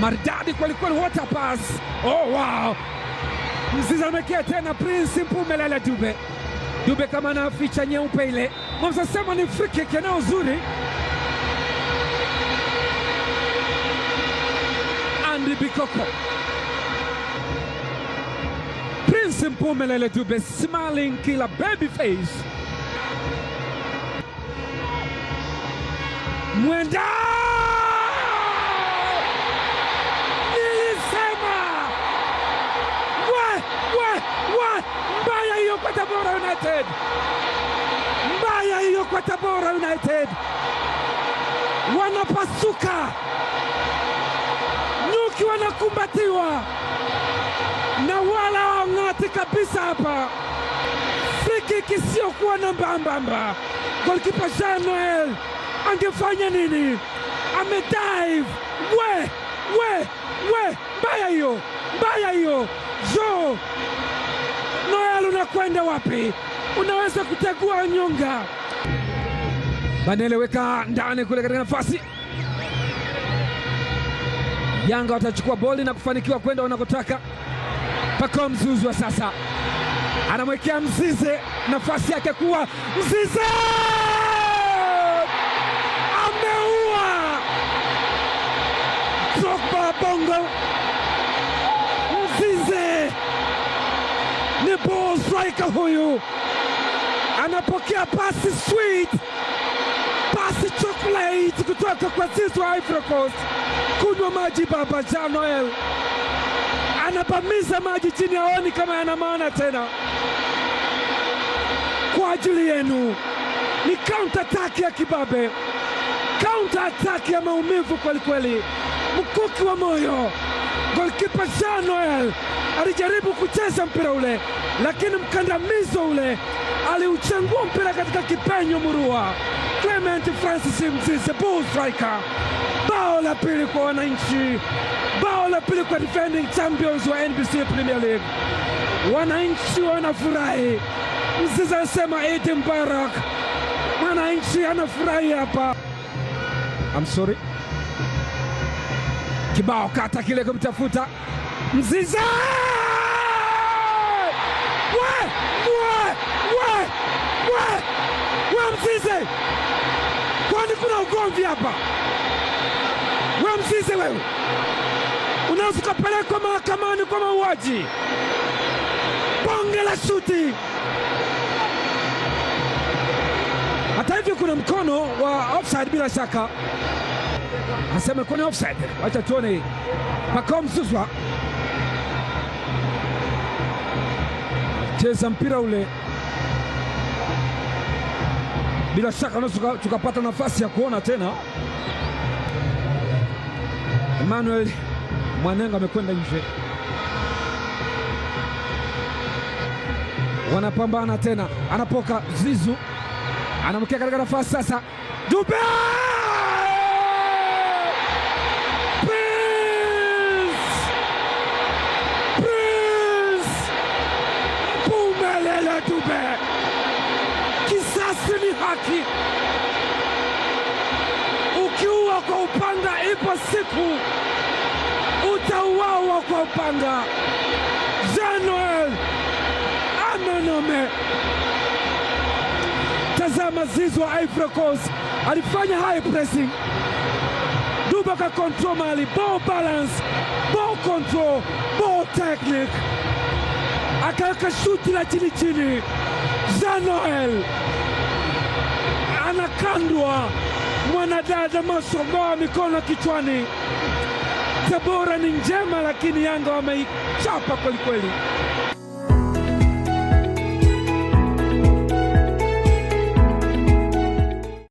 maridadi kwelikweli, water pass. Oh, wow! Mzizi amekia tena, Prince Mpume Dube Dube kama anaficha nyeupe ile. Mwamza sema ni free kick eneo zuri. Andy Bikoko Prince Mpumelele Dube smiling kila baby face. Mwenda United, mbaya hiyo kwa Tabora United, wanapasuka, nyuki wanakumbatiwa na wala wang'ati kabisa hapa. Friki kuwa na mbambamba, golkipa Jean Noel angefanya nini? Amedive we we we, mbaya hiyo, mbaya hiyo jo unakwenda wapi, unaweza kutegua nyonga. weka ndani kule katika nafasi. Yanga watachukua boli na kufanikiwa kwenda wanakotaka. Pako wa sasa anamwekea Mzize, nafasi yake kuwa Mzize ameua Drogba Bongo striker huyu anapokea pasi sweet, pasi chocolate kutoka kwa sisi wa Ivory Coast. Kunywa maji baba Jean Noel anabamiza maji chini, aoni kama yana maana tena. Kwa ajili yenu ni counter attack ya kibabe, counter attack ya maumivu kwelikweli, mkuki wa moyo Golkipa Jean Noel alijaribu kucheza mpira ule, lakini mkandamizo ule aliuchangua mpira katika kipenyo murua. Clement Francis Mzize bull striker, bao la pili kwa wananchi, bao la pili kwa defending champions wa NBC Premier League. Wananchi wanafurahi. Mzize asema Idi Mbarak, mwananchi anafurahi hapa. I'm sorry. Kibao kata kile kumtafuta Mzize we, we, we, we, we Mzize, kwani kuna ugomvi hapa? We Mzize wewe, unaweza ukapelekwa mahakamani kwa mauaji, bonge la shuti. Hata hivyo kuna mkono wa offside bila shaka anasema kuna offside. Wacha tuone Pacome Zouzoua cheza mpira ule, bila shaka unaweza tukapata nafasi ya kuona tena. Emmanuel Mwanenga amekwenda nje, wanapambana tena, anapoka Zizu anamkia katika nafasi sasa, Dube Kibe. Kisasi ni haki, ukiua kwa upanga, ipo siku utauawa kwa upanga. Jean-Noel Amanome, tazama Zizi wa Ivory Coast alifanya high pressing Duba ka control mali, ball balance, ball control, ball technique akaweka shuti la chini chini. za Noel anakandwa, mwanadada Masogoa mikono kichwani. Tabora ni njema, lakini Yanga wameichapa kwelikweli.